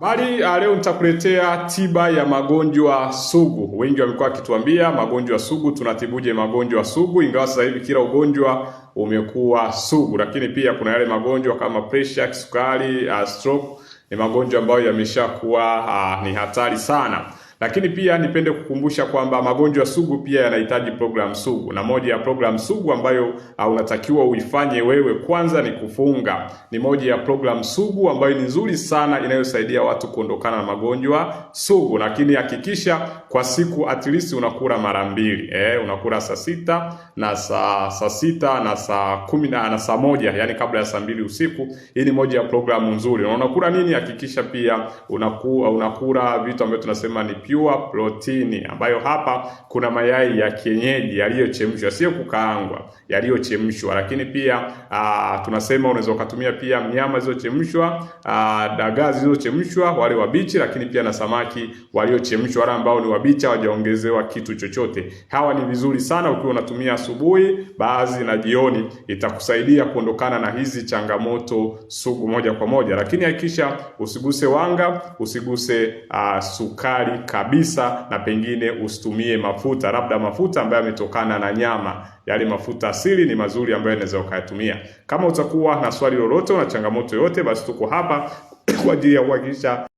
Bali ah, leo nitakuletea tiba ya magonjwa sugu. Wengi wamekuwa wakituambia magonjwa sugu, tunatibuje magonjwa sugu? Ingawa sasa hivi kila ugonjwa umekuwa sugu, lakini pia kuna yale magonjwa kama pressure, kisukari, ah, stroke ni magonjwa ambayo yameshakuwa ah, ni hatari sana. Lakini pia nipende kukumbusha kwamba magonjwa sugu pia yanahitaji programu sugu, na moja ya programu sugu ambayo ah, unatakiwa uifanye wewe kwanza ni kufunga. Ni moja ya programu sugu ambayo ni nzuri sana inayosaidia watu kuondokana na magonjwa sugu, lakini hakikisha kwa siku at least unakula mara mbili eh, unakula saa sita na saa saa sita na saa kumi na na saa moja yani kabla ya saa mbili usiku. Hii ni moja ya programu nzuri. Na unakula nini? Hakikisha pia unakula unakula vitu ambavyo tunasema ni pure protein ambayo hapa kuna mayai ya kienyeji yaliyochemshwa, sio kukaangwa, yaliyochemshwa. Lakini pia aa, ah, tunasema unaweza ukatumia pia nyama zilizochemshwa, ah, dagaa zilizochemshwa, wale wabichi, lakini pia na samaki waliochemshwa, wale ambao ni wabichi hawajaongezewa kitu chochote. Hawa ni vizuri sana ukiwa unatumia asubuhi, baadhi na jioni, itakusaidia kuondokana na hizi changamoto sugu moja kwa moja, lakini hakikisha usiguse wanga, usiguse aa, ah, sukari ka kabisa, na pengine usitumie mafuta, labda mafuta ambayo yametokana na nyama. Yale mafuta asili ni mazuri ambayo unaweza ukayatumia. Kama utakuwa na swali lolote na changamoto yoyote, basi tuko hapa kwa ajili ya kuhakikisha